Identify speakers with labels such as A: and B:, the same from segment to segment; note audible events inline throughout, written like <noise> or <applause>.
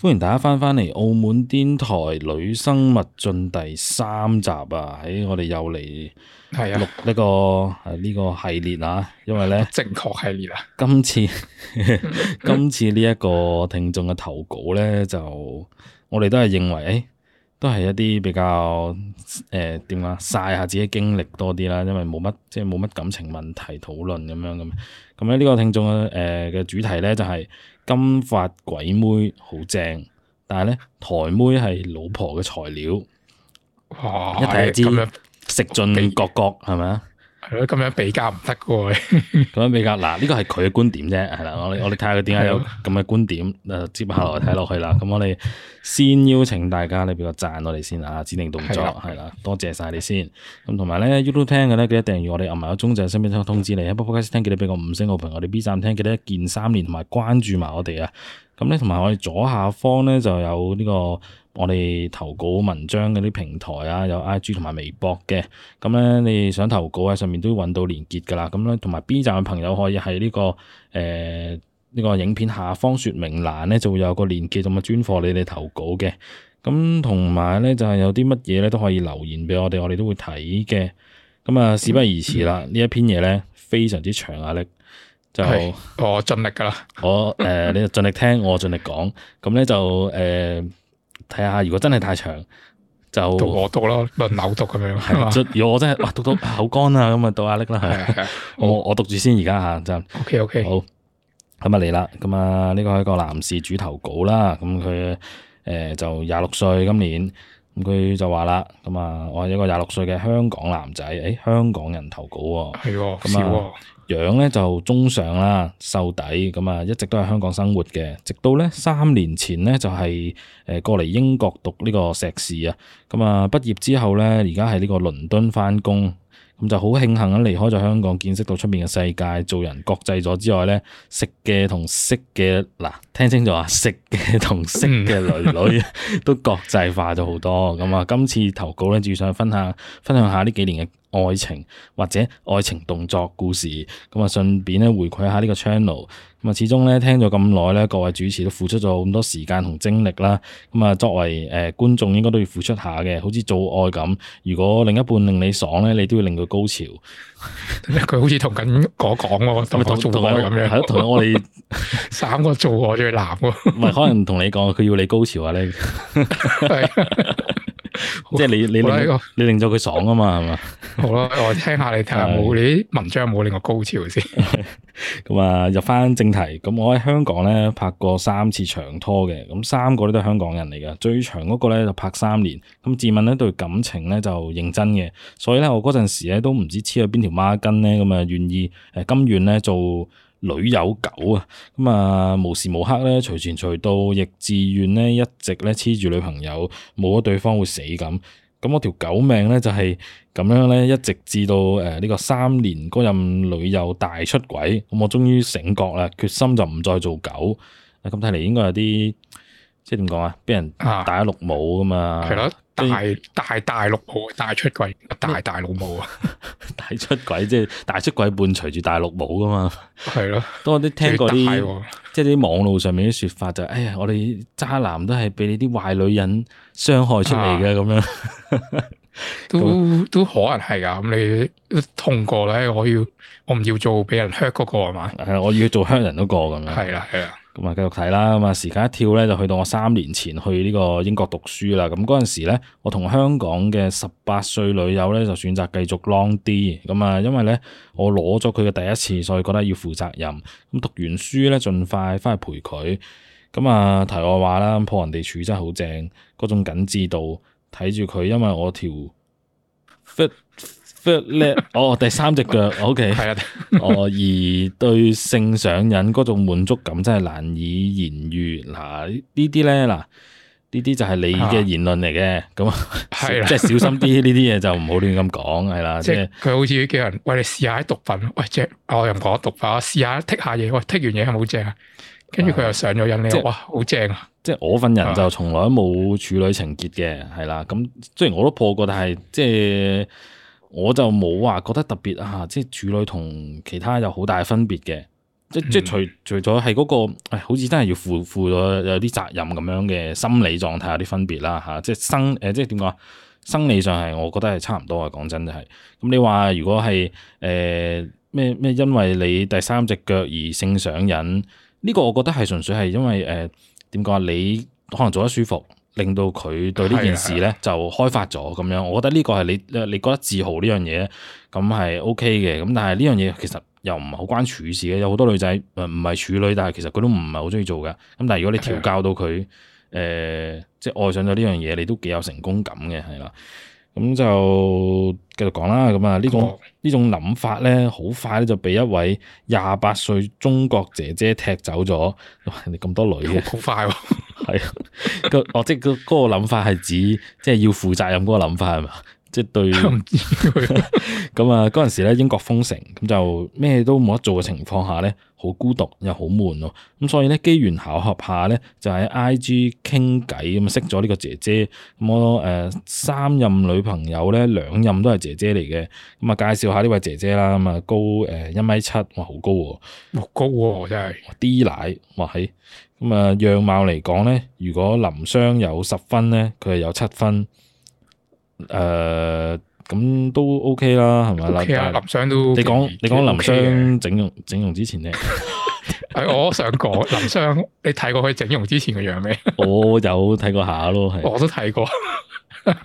A: 歡迎大家翻返嚟《澳門癲台女生勿進》第三集啊！喺、哎、我哋又嚟錄呢、這個呢、啊、個系列啦、啊，因為咧正確系列啊，今次 <laughs> 今次呢一個聽眾嘅投稿咧，就我哋都係認為，誒、哎，都係一啲比較誒點啊晒下自己經歷多啲啦，因為冇乜即係冇乜感情問題討論咁樣咁。咁咧呢個聽眾誒嘅、呃、主題咧就係、是。金髮鬼妹好正，但係呢台妹係老婆嘅材料，
B: 哇一睇就知
A: 樣食盡各國係咪啊？的
B: 係咯，咁樣比較唔得嘅喎。
A: 咁樣比較，嗱呢個係佢嘅觀點啫，係啦。我我哋睇下佢點解有咁嘅觀點。誒， <laughs> 接下來睇落去啦。咁我哋先邀請大家，你俾個讚我哋先啊，指定動作係啦的，多謝曬你先。咁同埋咧，YouTube 聽嘅咧，記得訂閱我哋，撳埋個鐘仔，順便聽通知你。喺 Podcast 聽，記得俾個五星好評。我哋 B 站聽，記得一鍵三連，同埋關注埋我哋啊。咁咧，同埋我哋左下方咧就有呢個我哋投稿文章嗰啲平台啊，有 IG 同埋微博嘅。咁、嗯、咧，你想投稿喺上面都揾到連結噶啦。咁咧，同埋 B 站嘅朋友可以喺呢、這個誒呢、呃這個影片下方説明欄咧，就會有個連結同埋專訪你哋投稿嘅。咁同埋咧，就係、是、有啲乜嘢咧都可以留言俾我哋，我哋都會睇嘅。咁、嗯、啊，嗯、事不宜遲啦，呢一篇嘢咧非常之長啊，力！就我盡力噶啦，我、呃、誒，你盡力聽，我盡力講，咁咧就誒，睇、呃、下如果真係太長，就我讀咯，輪流讀咁樣。如果 <laughs> 我真係哇，讀到口乾啊，咁啊，倒壓力啦。係 <laughs> <laughs> 我、哦、我先讀住先，而家吓就。OK，OK，好，咁啊嚟啦，咁啊，呢個係一個男士主投稿啦，咁佢誒就廿六歲，今年咁佢就話啦，咁啊，我係一個廿六歲嘅香港男仔，誒，香港人投稿喎，
B: 係喎，少喎。
A: 樣咧就中上啦，瘦底咁啊，一直都喺香港生活嘅，直到咧三年前咧就係誒過嚟英國讀呢個碩士啊，咁啊畢業之後咧，而家喺呢個倫敦翻工，咁就好慶幸啊離開咗香港，見識到出面嘅世界，做人國際咗之外咧，食嘅同識嘅嗱，聽清楚啊，食嘅同識嘅女女 <laughs> 都國際化咗好多，咁啊今次投稿咧，主想分享分享下呢幾年嘅。愛情或者愛情動作故事，咁啊順便咧回饋下個頻道呢個 channel，咁啊始終咧聽咗咁耐咧，各位主持都付出咗咁多時間同精力啦，咁啊作為誒、呃、觀眾應該都要付出下嘅，好似做愛咁，如果另一半令你爽咧，你都要令佢高潮。
B: 佢 <laughs> 好似同緊我講喎，同我做愛咁樣。係咯， <laughs> 同我哋
A: <laughs> 三個做愛最男喎。唔 <laughs> 係，可能同你講，佢要你高潮啊你。 <laughs> <laughs> 即係你你哇你令咗佢哇爽啊嘛係嘛？哇
B: 吧好啦，我聽下你睇下冇你啲文章冇令我高潮先。
A: 咁 <laughs> 啊 <laughs> 入翻正題，咁我喺香港咧拍過三次長拖嘅，咁三個咧都係香港人嚟噶，最長嗰個咧就拍三年，咁自問咧對感情咧就認真嘅，所以咧我嗰陣時咧都唔知黐咗邊條孖筋咧，咁啊願意誒甘願咧做。女友狗啊，咁啊無時無刻咧，隨傳隨到，亦自願咧一直咧黐住女朋友，冇咗對方會死咁。咁我條狗命咧就係咁樣咧，一直至到誒呢個三年嗰任女友大出軌，咁我終於醒覺啦，決心就唔再做狗。咁睇嚟應該有啲即係點講啊？俾人打一綠帽㗎嘛。係咯。大大大陸冇大出軌，大大陸冇啊， <laughs> <laughs> 大出軌，即係大出軌伴隨住大陸冇噶嘛。係咯了，都我都聽過啲，即係啲網路上面啲説法就係，哎呀，我哋渣男都係俾你啲壞女人傷害出嚟嘅咁樣，
B: 都 <laughs> 那都，都可能係㗎。咁你痛過咧，我要我唔要做俾人
A: hurt 嗰個嘛？係， <laughs> 我要做鄉人嗰個咁樣。係啊了，係啊。了咁啊，繼續睇啦。咁啊，時間一跳咧，就去到我三年前去呢個英國讀書啦。咁嗰陣時咧，我同香港嘅十八歲女友咧，就選擇繼續 long 啲。咁啊，因為咧，我攞咗佢嘅第一次，所以覺得要負責任。咁讀完書咧，盡快翻去陪佢。咁啊，提我話啦，破人哋處真係好正，嗰種緊緻度，睇住佢，因為我條。f o 哦，第三隻腳，O K，係啦，哦，而對性上癮嗰種滿足感真係難以言喻。嗱，呢啲咧，嗱、啊，呢啲 <laughs> 就係你嘅言論嚟嘅，咁即係小心啲呢啲嘢就唔、 <laughs> 就是、好亂咁講，係啦。即係佢好似叫人喂你試下啲毒品，喂正，我又唔
B: 講毒法，我試下剔下嘢，喂剔完嘢係咪好正？跟住佢又上咗癮咧，即哇，
A: 好正啊！即係我份人就從來都冇處女情結嘅，係啦、啊。咁雖然我都破過，但係即係我就冇話覺得特別啊！即係處女同其他有好大嘅分別嘅，即即係除除咗係嗰個，哎、好似真係要負負咗有啲責任咁樣嘅心理狀態有啲分別啦嚇、啊。即係生誒、呃，即係點講啊？生理上係我覺得係差唔多啊。講真就係咁。你話如果係誒咩咩，因為你第三隻腳而性上癮呢、呢個，我覺得係純粹係因為誒。呃點講啊？你可能做得舒服，令到佢對呢件事咧就開發咗咁的樣。我覺得呢個係你你覺得自豪呢樣嘢，咁係 OK 嘅。咁但係呢樣嘢其實又唔係好關處事嘅。有好多女仔唔係處女，但係其實佢都唔係好中意做嘅。咁但係如果你調教到佢，誒的、呃，即係愛上咗呢樣嘢，你都幾有成功感嘅，係啦。咁就繼續講啦，咁啊的呢種呢種諗法咧，好快咧就俾一位廿八歲中國姐姐踢走咗。你咁多女嘅，好快、哦，係、 <laughs> <laughs> <laughs> <laughs> 嗰個，即係嗰嗰個諗法係指，即係要負責任嗰個諗法係嘛？即對，咁啊，嗰陣時咧，英國封城，咁就咩都冇得做嘅情況下咧，好孤獨又好悶咯。咁所以咧，機緣巧合下咧，就喺 IG 傾偈咁，識咗呢個姐姐。咁我誒三任女朋友咧，兩任都係姐姐嚟嘅。咁啊，介紹下呢位姐姐啦。咁啊，高誒一米七，哇，好高喎！好高喎，真係 D 奶，哇嘿！咁啊，樣貌嚟講咧，如果林雙有十分咧，佢係有七分。誒，咁、uh，都 OK 啦說，係咪啊？林湘都，你講你講林湘整容整容之前咧？
B: 係 <laughs> <laughs> 我想講 <laughs> 林湘，你睇過佢整容之前嘅樣未？
A: <laughs> 我有睇過下咯，係。我都睇過。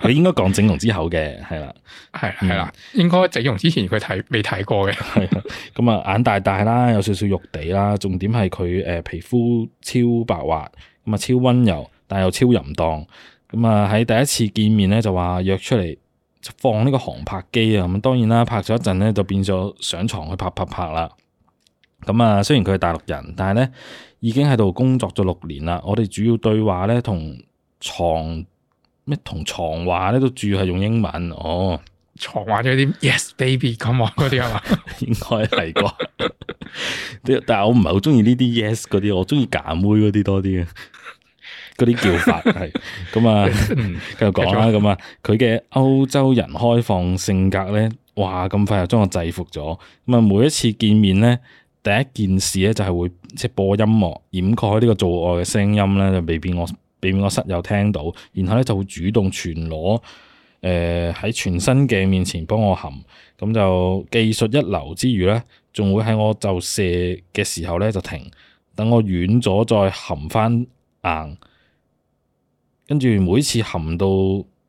A: 你 <laughs> 應該講整容之後嘅，係啦，係啦，係啦。應該整容之前佢睇未睇過嘅。係咁啊，眼大大啦，有少少肉地啦，重點係佢誒皮膚超白滑，咁啊超溫柔，但又超淫蕩。咁啊，喺第一次見面咧就話約出嚟放呢個航拍機啊，咁當然啦，拍咗一陣咧就變咗上床去拍拍拍啦。咁啊，雖然佢係大陸人，但係咧已經喺度工作咗六年啦。我哋主要對話咧同床咩同床話咧都主要係用英文哦。床話咗啲 Yes baby come on 咁話嗰啲係嘛？ <laughs> 應該係啩？ <laughs> <laughs> 但係我唔係好中意呢啲 Yes 嗰啲，我中意夾妹嗰啲多啲嘅。嗰啲叫法係咁啊，繼、 <laughs> 嗯、續講啦。咁啊，佢嘅歐洲人開放性格咧，哇！咁快就將我制服咗。咁啊，每一次見面咧，第一件事咧就係會即係播音樂掩蓋呢個做愛嘅聲音咧，就未免我避免我室友聽到。然後咧就會主動、呃、全裸，誒喺全身嘅面前幫我含。咁就技術一流之餘咧，仲會喺我就射嘅時候咧就停，等我軟咗再含翻硬。跟住每次含到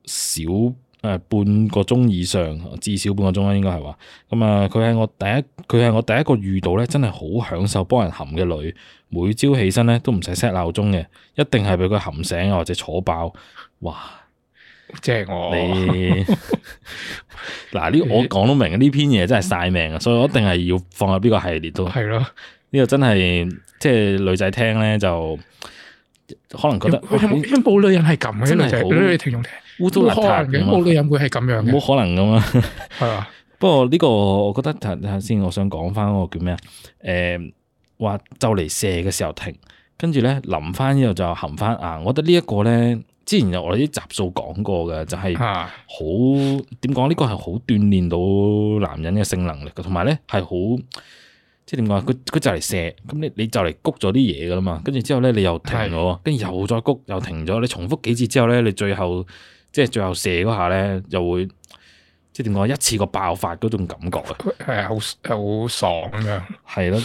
A: 小誒、呃、半個鐘以上，至少半個鐘啦，應該係話。咁啊，佢係我第一，佢係我第一個遇到咧，真係好享受幫人含嘅女。每朝起身咧都唔使 set 鬧鐘嘅，一定係俾佢含醒啊，或者坐爆。哇，正我、哦。你！嗱 <laughs> 呢，這個、我講都明呢篇嘢真係晒命啊，所以我一定係要放入呢個系列度。係咯的，呢個真係即係女仔聽咧就。可能覺得
B: 冇女人係咁嘅，真係好冇女人
A: 會係咁樣嘅，冇可能咁啦。係 <laughs> 啊，不過呢個我覺得頭先，我想講翻嗰個叫咩啊？誒、呃，話就嚟射嘅時候停，跟住咧淋翻之後就含翻啊！我覺得呢一個咧，之前有我哋啲集數講過嘅，就係好點講呢個係好鍛煉到男人嘅性能力嘅，同埋咧係好。即係點講？佢佢就嚟射，咁你你就嚟谷咗啲嘢噶啦嘛。跟住之後咧，你又停咗，跟住又再谷，又停咗。你重複幾次之後咧，你最後即係最後射嗰下咧，又會即係點講？一次個爆發嗰種感覺啊，係啊，好好爽咁樣係咯，即係、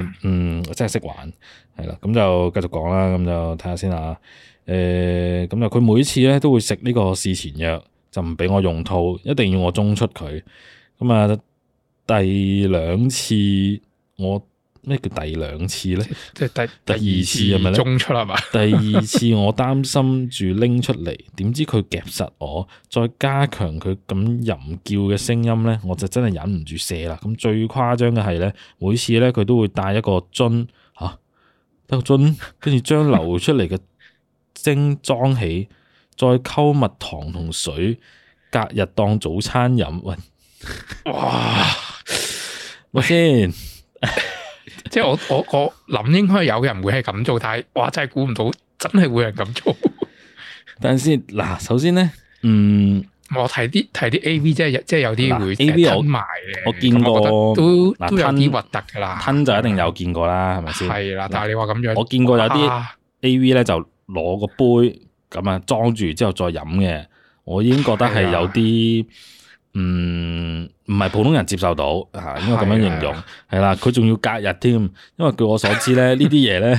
A: 真係、嗯，真係識玩係啦。咁就繼續講啦，咁就睇下先啦。誒、呃，咁就佢每次咧都會食呢個事前藥，就唔俾我用套，一定要我中出佢咁啊。就第兩次。我咩叫第二次呢？即係第第二次係咪咧？中出係 <laughs> 第二次我擔心住拎出嚟點知佢夾實我，再加強佢咁吟叫嘅聲音呢，我就真係忍唔住射啦。咁最誇張嘅係呢，每次呢，佢都會帶一個樽吓、啊，一個樽，跟住將流出嚟嘅精裝起，再溝蜜糖同水，隔日當早餐飲。喂 <laughs> 哇！ <laughs> 喂，喂，喂
B: <laughs> 即係我我我諗應該有人會係咁做，但係哇真係估唔到，真係會有人咁做。等陣先嗱，首先咧，
A: 嗯，
B: 我睇啲睇啲
A: A V，即係即係有啲會 A V 吞埋嘅，我見過我都都有啲核突噶啦，吞就一定有見過啦，係咪先？係啦吧，但係你話咁樣，我見過有啲 A V 咧就攞個杯咁啊裝住之後再飲嘅，我已經覺得係有啲。嗯，唔係普通人接受到吓，應該咁樣形容係啦。佢仲的要隔日添，因為據我所知咧， <laughs> 呢啲嘢咧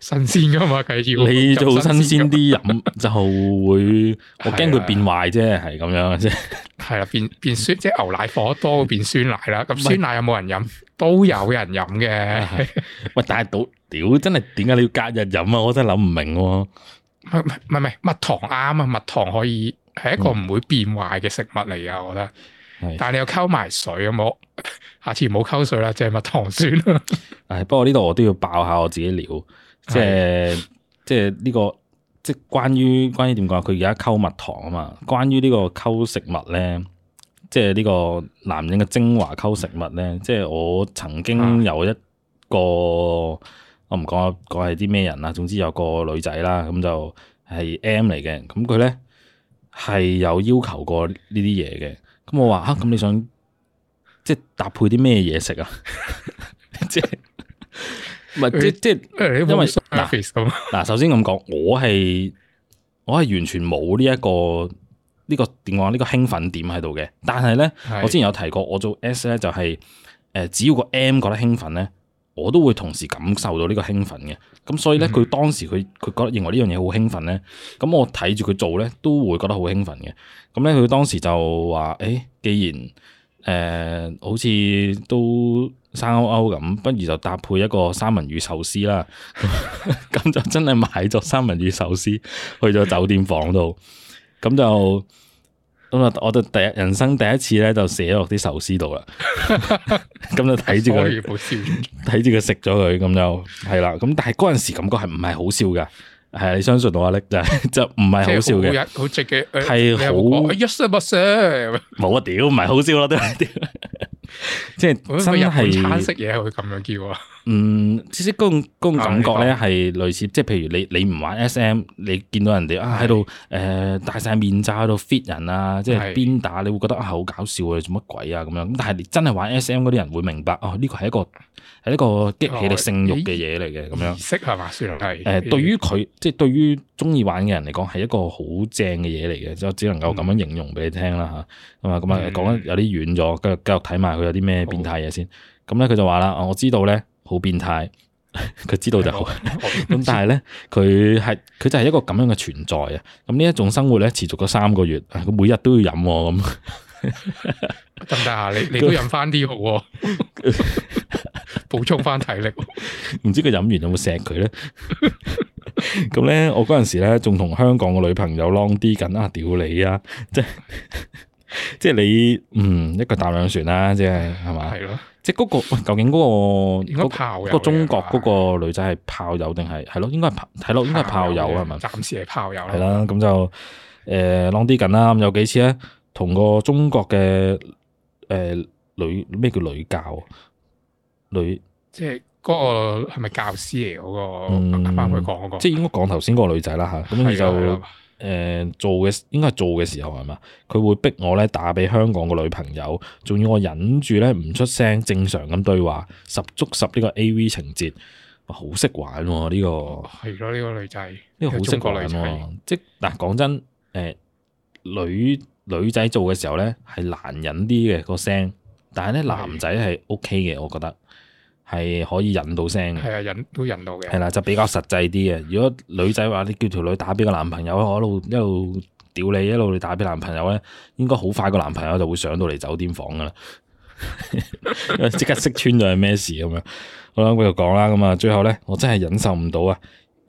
B: 新鮮噶嘛，計要鮮 <laughs> 你做新鮮
A: 啲飲就會，我驚佢變壞啫，係咁樣啫。
B: 係啦，變變酸，即係牛奶火多變酸奶啦。咁 <laughs> 酸奶有冇人飲？ <laughs> 都有人飲嘅。 <laughs> 喂，但係倒屌真係點解你要隔日飲啊？我真係諗唔明。唔係唔係唔係蜜糖啱啊，蜜糖可以。係一個唔會變壞嘅食物嚟噶，我覺得。的但係你又溝埋水咁，冇下次唔好溝水啦，淨係蜜糖
A: 算啦。唉，不過呢度我都要爆下我自己料，的即係即係、這、呢個即係關於關於點講？佢而家溝蜜糖啊嘛。關於呢個溝食物咧，即係呢個男人嘅精華溝食物咧，嗯、即係我曾經有一個、嗯、我唔講講係啲咩人啦，總之有個女仔啦，咁就係 M 嚟嘅，咁佢咧。係有要求過呢啲嘢嘅，咁我話啊，咁你想即係搭配啲咩嘢食啊？ <laughs> 即係唔係即即、哎，因為嗱嗱，首先咁講，我係我係完全冇呢一個呢、呢個點講呢個興奮點喺度嘅。但係咧，是的 我之前有提過，我做 S 咧就係誒，只要個 M 覺得興奮咧。我都會同時感受到呢個興奮嘅，咁所以呢，佢當時佢佢覺得認為呢樣嘢好興奮呢。咁我睇住佢做呢，都會覺得好興奮嘅。咁呢，佢當時就話：誒、哎，既然誒、呃、好似都生勾勾咁，不如就搭配一個三文魚壽司啦。咁 <laughs> <laughs> 就真係買咗三文魚壽司去咗酒店房度，咁就。咁啊！我哋第一人生第一次咧，就寫落啲壽司度啦。咁就睇住佢，睇住佢食咗佢，咁就係啦。咁但係嗰陣時感覺係唔係好笑噶？係，你相信我咧，就就唔係好笑嘅。
B: 好直嘅，係好。
A: 哎呀，冇啊的！屌的，唔係好笑囉，都即係真係。
B: 日
A: 嗯，其實嗰種嗰種感覺咧係類似，即係譬如你你唔玩 S.M.，你見到人哋啊喺度誒戴晒面罩喺度 fit 人啊，即係鞭打，你會覺得啊好搞笑啊，做乜鬼啊咁樣。咁但係你真係玩 S.M. 嗰啲人會明白哦，呢個係一個係一個激起你性慾嘅嘢
B: 嚟嘅咁樣。識係嘛？算係。誒，對於
A: 佢即係對於中意玩嘅人嚟講，係一個好正嘅嘢嚟嘅，就只能夠咁樣形容俾你聽啦吓，咁啊咁啊，講得有啲遠咗，跟住繼續睇埋佢有啲咩變態嘢先。咁咧佢就話啦，我我知道咧。好變態，佢知道就好。咁、嗯、但係咧，佢係佢就係一個咁樣嘅存在啊。咁呢一種生活咧，持續咗三個月，佢每日都要飲咁。咁大下，你你都飲翻啲好，補 <laughs> <laughs> 充翻體力。 <laughs> 唔知佢飲完有冇錫佢咧？咁 <laughs> 咧，我嗰陣時咧仲同香港嘅女朋友 long 啲緊啊！屌你啊！即係。 <laughs> 即係你，嗯，一腳踏兩船啦，的即係係嘛，係咯。即係嗰個，究竟嗰、嗰個，嗰個中國嗰個、呃、女仔係炮友定係係咯？應該係炮，睇落應該係炮友係咪？暫
B: 時係炮友啦。係啦，
A: 咁就誒 long 啲緊啦。咁有幾次咧，同個中國嘅誒女咩叫女教女？
B: 即係嗰個係咪教師嚟嗰、嗯嗰個？啱啱佢講嗰個，即
A: 係應該講頭先嗰個女仔啦吓。咁而就。誒、呃，做嘅應該係做嘅時候係嘛？佢會逼我咧打俾香港嘅女朋友，仲要我忍住咧唔出聲，正常咁對話，十足十呢個 A V 情節，哇、這個、好識玩呢、啊、個。
B: 係咯，呢、這個女仔
A: 呢個好識玩、啊，女即嗱，講、啊、真，誒、呃，女女仔做嘅時候咧係難忍啲嘅、那個聲，但係咧的男仔係 O K 嘅，我覺得。係可以引到聲嘅，係啊
B: 引到引到嘅，係啦就比較實
A: 際啲嘅。如果女仔話你叫條女打俾個男朋友，我一路一路屌你，一路你打俾男朋友咧，應該好快個男朋友就會上到嚟酒店房噶啦，即 <laughs> 刻識穿咗係咩事咁樣。 <laughs> 好啦，我繼續講啦，咁啊最後咧，我真係忍受唔到啊！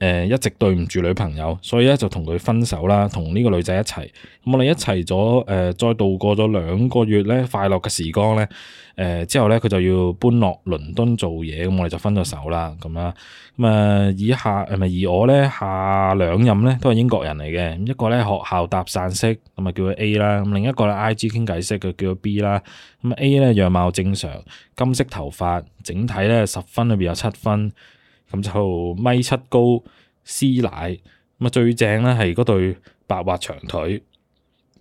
A: 誒、呃、一直對唔住女朋友，所以咧就同佢分手啦，同呢個女仔一齊。咁、嗯、我哋一齊咗誒，再度過咗兩個月咧，快樂嘅時光咧。誒、呃、之後咧，佢就要搬落倫敦做嘢，咁、嗯、我哋就分咗手啦。咁啊，咁、嗯、啊，以下係咪而我咧下兩任咧都係英國人嚟嘅，一個咧學校搭訕識，咁咪叫佢 A 啦，另一個咧 IG 傾偈識，佢叫佢 B 啦。咁 A 咧樣貌正常，金色頭髮，整體咧十分裏邊有七分。咁就米七高，師奶。咁啊最正咧係嗰對白滑長腿，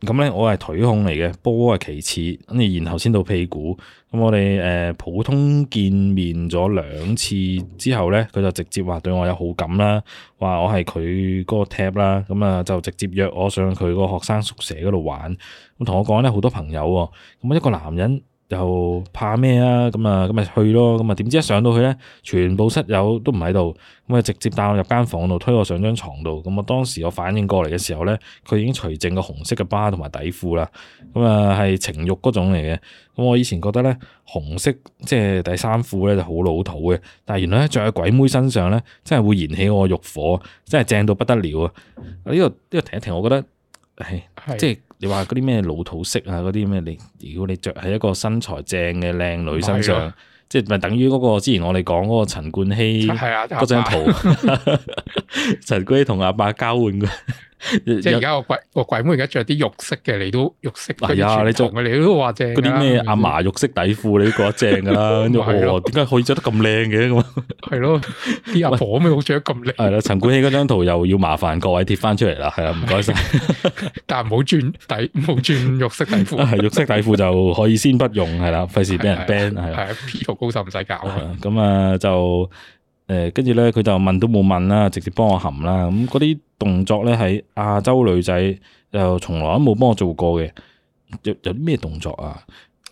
A: 咁咧我係腿控嚟嘅，波係其次，跟住然後先到屁股，咁我哋誒、呃、普通見面咗兩次之後咧，佢就直接話對我有好感啦，話我係佢嗰個 tap 啦，咁啊就直接約我上佢個學生宿舍嗰度玩，咁同我講咧好多朋友，咁啊一個男人。又怕咩啊？咁啊，咁咪去咯。咁啊，點知一上到去咧，全部室友都唔喺度，咁啊直接帶我入間房度，推我上張床度。咁啊，當時我反應過嚟嘅時候咧，佢已經除淨個紅色嘅 bra 同埋底褲啦。咁啊，係情欲嗰種嚟嘅。咁我以前覺得咧，紅色即係底衫褲咧就好老土嘅。但係原來咧，著喺鬼妹身上咧，真係會燃起我慾火，真係正到不得了啊！呢、這個呢、這個停一停，我覺得，哎、是即係。你話嗰啲咩老土色啊，嗰啲咩你如果你着喺一個身材正嘅靚女身上，即係咪等於嗰個之前我哋講嗰個陳冠希嗰張，嗯、圖？陳 <laughs> <laughs> 冠希同阿爸、
B: 爸交換嘅。
A: 即係而家
B: 個鬼個鬼妹而家着啲肉色嘅，你都肉色。呀，你做佢哋都話正，嗰啲咩阿嫲
A: 肉色底褲，你都覺得正噶啦。跟住我點解可以着得咁靚嘅咁啊？係咯，啲阿婆咩好着得咁靚？係啦，陳冠希嗰張圖又要麻煩各位貼翻出嚟啦。係啦，唔該晒。但係唔好轉底，唔好轉肉色底褲。係肉色底褲就可以先不用，係啦，費事俾人 ban 係啦。P 圖高手唔使搞，咁啊就。誒、跟住咧，佢就問都冇問啦，直接幫我含啦。咁嗰啲動作咧，喺亞洲女仔又從來都冇幫我做過嘅。有有啲咩動作啊？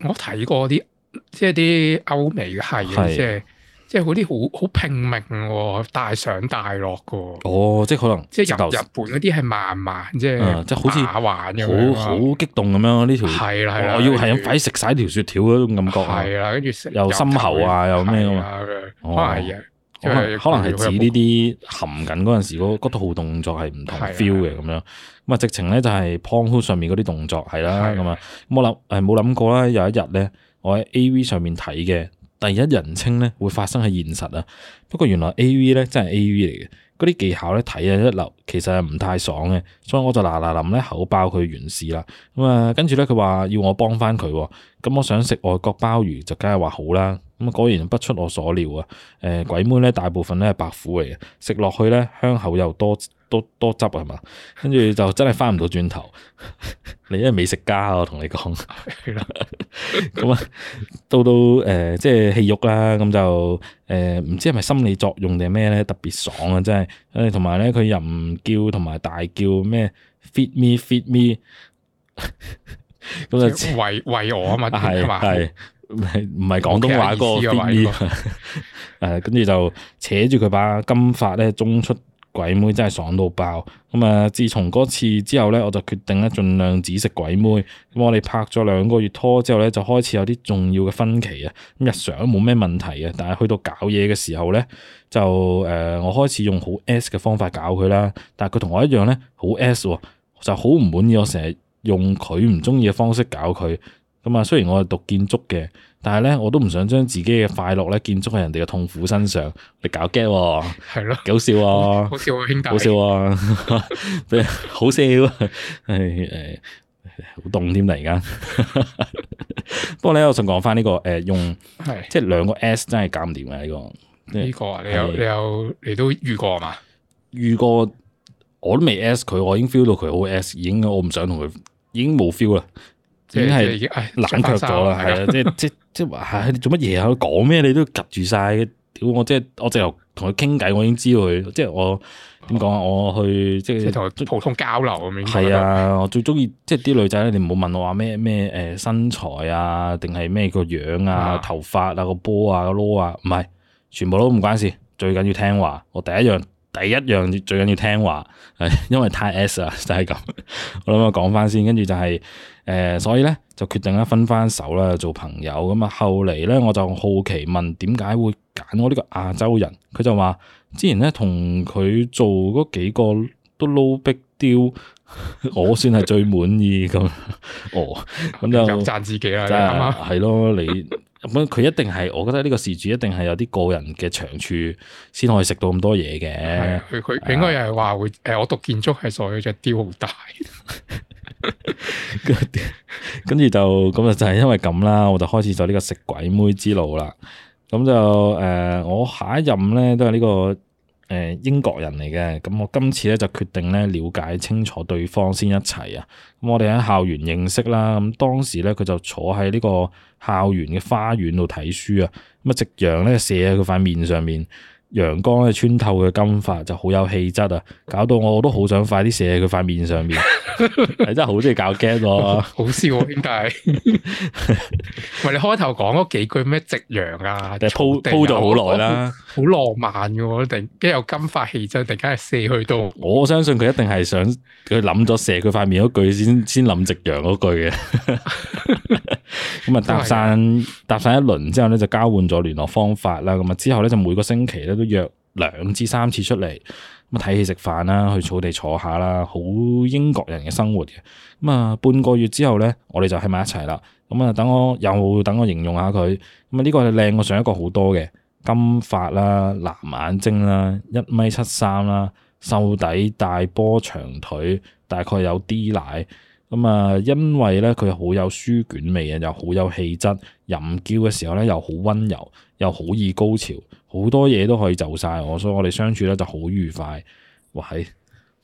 B: 我睇過啲即係啲歐美嘅係嘅，即係即係嗰啲好好拼命，大上大落嘅。
A: 哦，即係可能即係入日
B: 本嗰啲係慢慢即係即係好似打橫好好
A: 激動咁樣呢條，係啦係啦，我要係咁快食晒條雪條嗰種感覺。係啦，跟住又深喉啊，又咩
B: 咁啊？可能啊～可能可能係指呢
A: 啲含緊嗰陣時嗰、嗯、套動作係唔同的 feel 嘅咁樣，咁啊直情咧就係 pornhub 上面嗰啲動作係啦，咁啊，的我諗誒冇諗過啦，有一日咧我喺 AV 上面睇嘅第一人稱咧會發生喺現實啊，不過原來 AV 咧真係 AV 嚟嘅。嗰啲技巧咧睇啊一流，其實係唔太爽嘅，所以我就嗱嗱臨咧口爆佢完事啦。咁啊，跟住咧佢話要我幫翻佢，咁我想食外國鮑魚就梗係話好啦。咁啊，果然不出我所料啊。誒、呃、鬼妹咧大部分咧係白虎嚟嘅，食落去咧香口又多多多汁啊嘛。跟住就真係翻唔到轉頭， <laughs> 你係美食家我同你講。咁啊～ <laughs> 到到誒即係戲肉啦，咁就誒唔、呃、知係咪心理作用定係咩咧，特別爽啊！真係誒同埋咧佢又唔叫，同埋大叫咩 feed me，feed me，咁 <laughs> 就餵餵我啊嘛，係係唔係廣東話、個 feed？誒，跟住、啊、 <laughs> <laughs> 就扯住佢把金髮咧，中出。鬼妹真係爽到爆，咁啊，自從嗰次之後咧，我就決定咧盡量只食鬼妹。咁我哋拍咗兩個月拖之後咧，就開始有啲重要嘅分歧啊。咁日常都冇咩問題啊，但係去到搞嘢嘅時候咧，就誒、呃、我開始用好 S 嘅方法搞佢啦。但係佢同我一樣咧，好 S 喎，就好唔滿意我成日用佢唔中意嘅方式搞佢。咁啊，雖然我係讀建築嘅。但係咧，我都唔想將自己嘅快樂咧，建築喺人哋嘅痛苦身上，你搞 gag 喎，啊，係咯，幾好笑啊！好笑兄弟，好笑啊！ <laughs> <laughs> 好笑啊，誒，好凍添嚟，而家。不過咧，我想講翻呢個誒，用 <laughs> 即係兩個 S 真係搞唔掂嘅呢個。呢，這個啊，你有是
B: 你有你都遇過係嘛？
A: 遇過我都未 S 佢，我已經 feel 到佢好 S，已經我唔想同佢，已經冇 feel 啦。已經係冷卻咗啦，係啊的， <laughs> 即係即係即係話，唉，你做乜嘢啊？佢講咩你都及住晒嘅。屌，我即係我，直由同佢傾偈，我已經知佢。即係我點講啊？我去即係
B: 同佢普通交流咁樣。係啊，
A: 我最中意即係啲女仔，你唔好問我話咩咩誒身材啊，定係咩個樣啊、的頭髮啊、個波啊、個螺啊，唔係全部都唔關事，最緊要聽話。我第一樣。第一樣最緊要聽話，係因為太 S 啦，就係、是、咁。我諗我講翻先，跟住就係、是、誒、呃，所以咧就決定啦，分翻手啦，做朋友。咁啊後嚟咧，我就好奇問點解會揀我呢個亞洲人？佢就話之前咧同佢做嗰幾個都撈逼雕，我算係最滿意咁。 <laughs> 哦，咁就讚自己啦，係咯是你看看。 <laughs> 佢一定係，我覺得呢個事主一定係有啲個人嘅長處，先可以食到咁多嘢嘅。佢佢應該又係話會，誒的、呃，我
B: 讀建築系所以隻雕好大。
A: <laughs> <laughs> 跟住就咁啊，就係因為咁啦，我就開始做呢個食鬼妹之路啦。咁就誒、呃，我下一任咧都係呢、這個。誒、英國人嚟嘅，咁我今次咧就決定咧了解清楚對方先一齊啊！咁我哋喺校園認識啦，咁當時咧佢就坐喺呢個校園嘅花園度睇書啊，咁啊夕陽咧射喺佢塊面上面。陽光咧穿透嘅金髮就好有氣質啊，搞到我都好想快啲射喺佢塊面上面，你 <laughs> <laughs> 真係好中意搞 gag 我，好笑啊兄弟！
B: 喂 <laughs> <laughs> 你開頭講嗰幾句咩夕陽啊，鋪鋪咗好耐啦，好浪漫嘅喎，啊，定即有金髮氣質，突然間係射去到，
A: <laughs> 我相信佢一定係想佢諗咗射佢塊面嗰句先，先諗夕陽嗰句嘅。咁 <laughs> 啊 <laughs> <laughs> 搭訕搭訕一輪之後咧，就交換咗聯絡方法啦。咁啊之後咧，就每個星期咧。個約兩至三次出嚟，咁啊睇戲食飯啦，去草地坐下啦，好英國人嘅生活嘅。咁啊，半個月之後呢，我哋就喺埋一齊啦。咁啊，等我又等我形容下佢。咁啊，呢個係靚過上一個好多嘅，金髮啦，藍眼睛啦，一米七三啦，瘦底大波長腿，大概有啲奶。咁啊，因為呢，佢好有書卷味啊，又好有氣質，淫嬌嘅時候呢，又好溫柔。又好易高潮，好多嘢都可以走晒。我，所以我哋相處咧就好愉快。喂，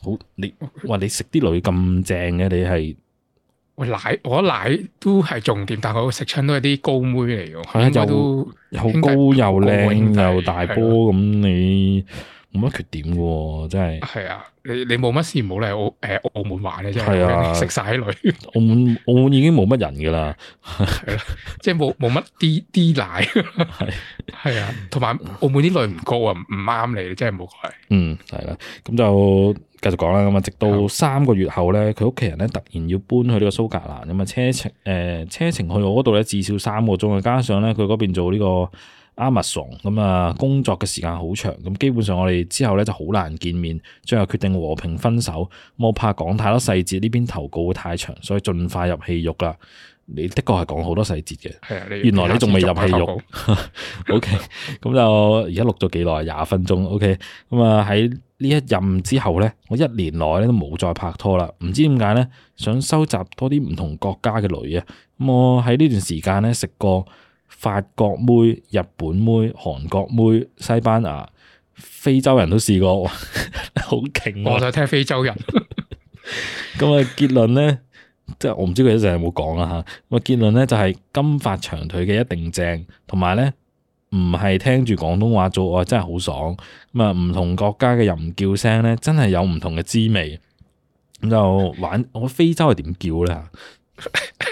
A: 好你哇！你食啲女咁正嘅，你係，
B: 奶我奶都係重點，但係我食親都係啲高妹嚟嘅，係啊、哎呀，就又，又高
A: 弟又靚高又，又，又大波咁的你。 <laughs> 冇乜缺點喎，真係。係啊，
B: 你你冇乜事唔好嚟，澳誒澳門話咧，真係食晒啲女，
A: 澳門澳門已經冇乜人
B: 嘅啦，係啦，即係冇冇乜啲啲奶，係係啊，同埋澳門啲女唔高啊，唔啱你，真係冇鬼。嗯，
A: 係啦、啊，咁就繼續講啦。咁啊，直到三個月後咧，佢屋企人咧突然要搬去呢個蘇格蘭，咁啊車程誒、呃、車程去我嗰度咧至少三個鐘，加上咧佢嗰邊做呢、呢個。阿密桑咁啊，Amazon, 工作嘅時間好長，咁基本上我哋之後咧就好難見面，最後決定和平分手。我怕講太多細節，呢邊投稿會太長，所以盡快入戲肉啦。你的確係講好多細節嘅，係啊，原來你仲未入戲肉。O K，咁就而家錄咗幾耐，廿分鐘。O K，咁啊喺呢一任之後咧，我一年內咧都冇再拍拖啦。唔知點解咧，想收集多啲唔同國家嘅女啊。咁我喺呢段時間咧食過。法國妹、日本妹、韓國妹、西班牙、非洲人都試過，好 <laughs> 勁啊！我想
B: 聽非洲人。
A: 咁 <laughs> 啊， <laughs> 結論呢，即係我唔知佢一陣有冇講啦吓。咁啊，結論呢，就係金髮長腿嘅一定正，同埋呢唔係聽住廣東話做愛真係好爽。咁啊，唔同國家嘅人唔叫聲呢，真係有唔同嘅滋味。咁就玩我非洲係點叫呢？ <laughs>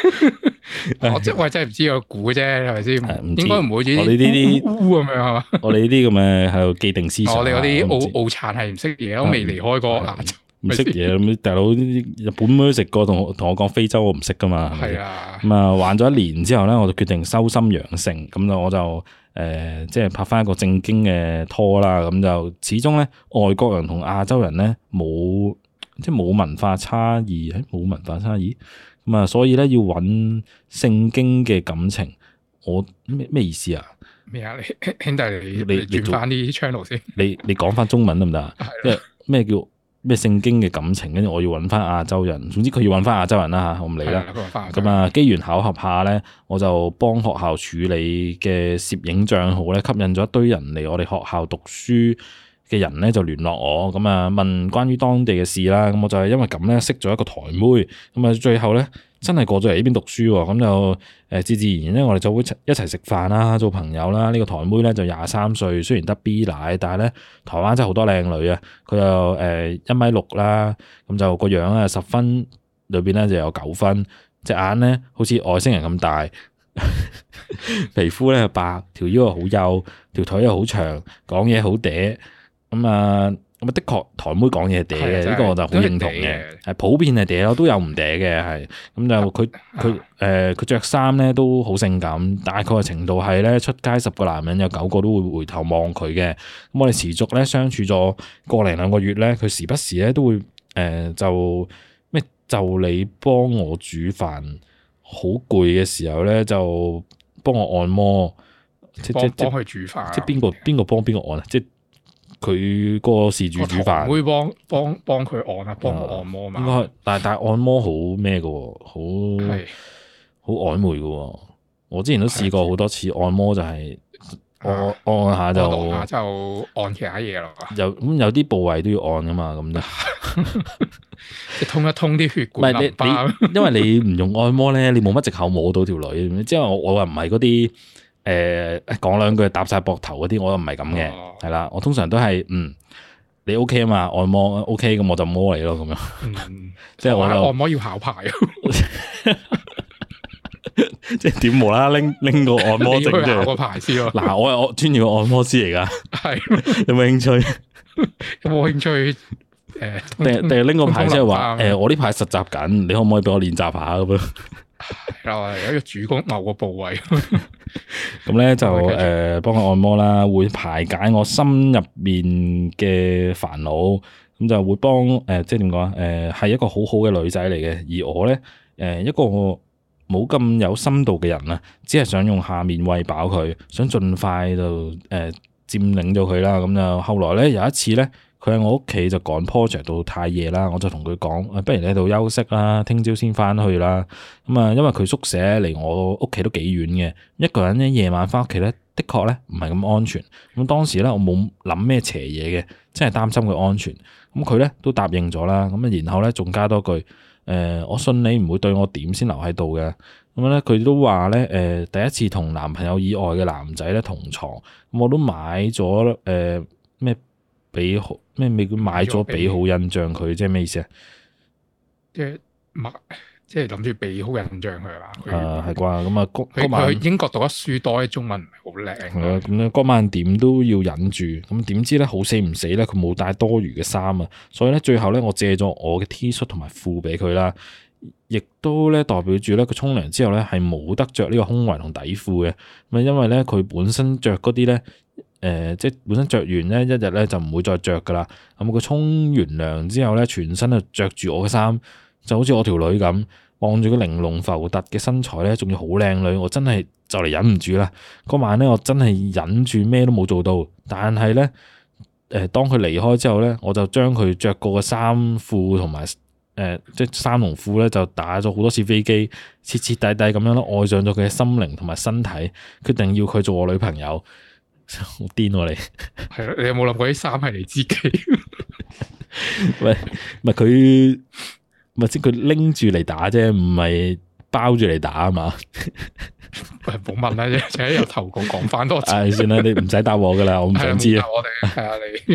B: 我即係我真係唔知個估啫，係咪先？應該唔會知。我哋呢
A: 啲咁樣，我哋呢啲咁嘅係既定思想。 <laughs> 我哋啲澳
B: 澳產係唔識嘢，我未離開過，唔識嘢，
A: 大佬日本妹食過，同同我講非洲，我唔識噶嘛。係啊。咁啊、嗯，玩咗一年之後咧，我就決定修心養性。咁就我就誒、呃，即係拍翻一個正經嘅拖啦。咁就始終咧，外國人同亞洲人咧，冇即係冇文化差異，冇文化差異。咁啊，所以咧要揾聖經嘅感情，我咩咩意思啊？
B: 咩啊，兄弟你你轉翻啲 channel 先。
A: 你你講翻做中文得唔得啊？因為咩叫咩聖經嘅感情？跟住我要揾翻亞洲人，總之佢要揾翻亞洲人啦吓， <laughs> 我唔理啦。咁啊，機緣巧合下咧，我就幫學校處理嘅攝影賬號咧，吸引咗一堆人嚟我哋學校讀書。嘅人咧就聯絡我，咁啊問關於當地嘅事啦，咁我就係因為咁咧識咗一個台妹，咁啊最後咧真係過咗嚟呢邊讀書，咁就誒自自然然咧我哋就會一齊食飯啦，做朋友啦。呢個台妹咧就廿三歲，雖然得 B 奶，但係咧台灣真係好多靚女啊！佢又誒一米六啦，咁就個樣啊十分，裏邊咧就有九分，隻眼咧好似外星人咁大， <laughs> 皮膚咧白，條腰又好幼，條腿又好長，講嘢好嗲。咁啊，咁啊，的確台妹講嘢嗲嘅，呢個我就好認同嘅，係普遍係嗲咯，都有唔嗲嘅係。咁就佢佢誒，佢着衫咧都好性感，大概嘅程度係咧，出街十個男人有九個都會回頭望佢嘅。咁我哋持續咧相處咗個零兩個月咧，佢時不時咧都會誒就咩就你幫我煮飯，好攰嘅時候咧就幫我按摩，即即即幫佢煮飯，即邊個邊個幫邊個按啊？即佢個事主煮飯，會幫
B: 幫幫佢按啊，幫我按，按摩嘛。應該、啊，
A: 但但按摩好咩嘅，好是好曖昧嘅。我之前都試過好多次按摩就，啊、按就係按按下就
B: 按其他嘢咯。
A: 就咁有啲部位都要按噶嘛，咁就
B: 一通一通啲血
A: 管。唔你， <laughs> 你因為你唔用按摩咧，你冇乜藉口摸到條女。即、就、係、是、我我話唔係嗰啲。誒，講兩句搭晒膊頭嗰啲，我又唔係咁嘅，係啦，我通常都係，嗯，你 OK 啊嘛，按摩 OK，咁我就摸你咯，咁樣，即係我就按
B: 摩要考牌，
A: 即係點無啦，拎拎個按摩證考個牌先嗱，我係我專業個按摩師嚟噶，係，有冇興趣？
B: 有冇興趣？誒，定定拎個牌即係話，誒，我呢
A: 排實習緊，你可唔可以俾我練習下咁樣？
B: 有係一個主攻某個部位，
A: 咁 <laughs> 咧就誒幫佢按摩啦，會排解我心入面嘅煩惱，咁就會幫誒、呃、即係點講啊？誒、呃、係一個好好嘅女仔嚟嘅，而我咧誒、呃、一個冇咁有深度嘅人啊，只係想用下面喂飽佢，想盡快就誒佔、呃、領咗佢啦。咁就後來咧有一次咧。佢喺我屋企就趕 project 到太夜啦，我就同佢講，不如你喺度休息啦，聽朝先翻去啦。咁啊，因為佢宿舍離我屋企都幾遠嘅，一個人咧夜晚翻屋企咧，的確咧唔係咁安全。咁當時咧我冇諗咩邪嘢嘅，真係擔心佢安全。咁佢咧都答應咗啦。咁啊，然後咧仲加多句，誒、呃，我信你唔會對我點先留喺度嘅。咁咧佢都話咧，誒、呃，第一次同男朋友以外嘅男仔咧同床，咁我都買咗誒咩？呃俾好咩？美國買咗俾好印象佢，即係咩意思啊？
B: 即係買，即係諗住俾好印象佢係嘛？係啩、啊？咁啊，佢去英國讀得書多，啲中文唔係好
A: 靚。係啊，咁嗰晚點都要忍住。咁點知咧好死唔死咧？佢冇帶多餘嘅衫啊，所以咧最後咧我借咗我嘅 T 恤同埋褲俾佢啦。亦都咧代表住咧佢沖涼之後咧係冇得着呢個胸圍同底褲嘅。咁啊，因為咧佢本身着嗰啲咧。誒、呃，即係本身着完咧，一日咧就唔會再着噶啦。咁佢沖完涼之後咧，全身就着住我嘅衫，就好似我條女咁，望住個玲瓏浮凸嘅身材咧，仲要好靚女，我真係就嚟忍唔住啦。嗰、那個、晚咧，我真係忍住咩都冇做到，但係咧，誒、呃，當佢離開之後咧，我就將佢着過嘅衫褲同埋誒，即係三農褲咧，就打咗好多次飛機，徹徹底底咁樣咯，愛上咗佢嘅心靈同埋身體，決定要佢做我女朋友。你好癲我嚟，
B: 係咯？你有冇諗過啲衫係你自己？
A: <laughs> <laughs> 喂，唔係佢，咪，即佢拎住嚟打啫，唔係包住嚟打啊嘛？
B: 唔好問啦，即係由頭講講翻多次。誒、嗯，算啦，你唔
A: 使答我噶啦，我唔想知啊。我哋係啊，
B: 你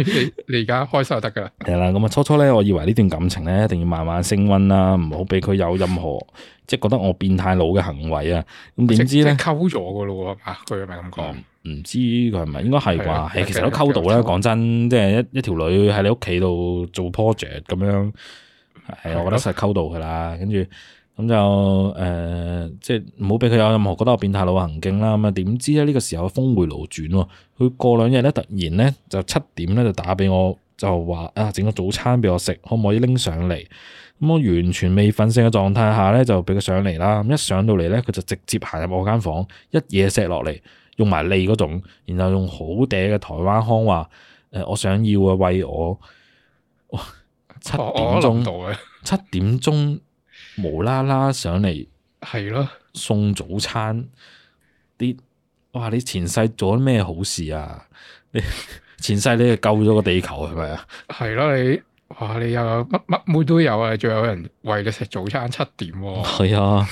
B: 你而家開心就得噶啦。
A: 係 <laughs> 啦，咁啊，初初咧，我以為呢段感情咧，一定要慢慢升溫啦，唔好俾佢有任何即係覺得我變態佬嘅行為 efendim, 了了啊。咁點知咧，
B: 溝咗噶啦，佢係咪咁講？
A: 唔知佢係咪，應該係啩？係其實都溝到咧，講真，即係一一條女喺你屋企度做 project 咁樣，係啊，我覺得實溝到噶啦。跟住咁就誒，即係唔好俾佢有任何覺得我變態佬行徑啦。咁啊，點知咧，呢個時候峰迴路轉，佢過兩日咧突然咧就七點咧就打俾我，就話啊整個早餐俾我食，可唔可以拎上嚟？咁我完全未瞓醒嘅狀態下咧，就俾佢上嚟啦。咁一上到嚟咧，佢就直接行入我間房，一夜食落嚟。用埋利嗰種，然後用好嗲嘅台灣腔話，誒、呃，我想要啊，喂，我七點鐘，七點鐘無啦啦上嚟，係咯，送早餐啲，是的 哇！你前世做咗咩好事啊？你前世你係救咗個地球係咪啊？
B: 係咯你。哇！你又有乜乜妹都有啊？仲有人餵你食早餐七點、哦？係
A: 啊，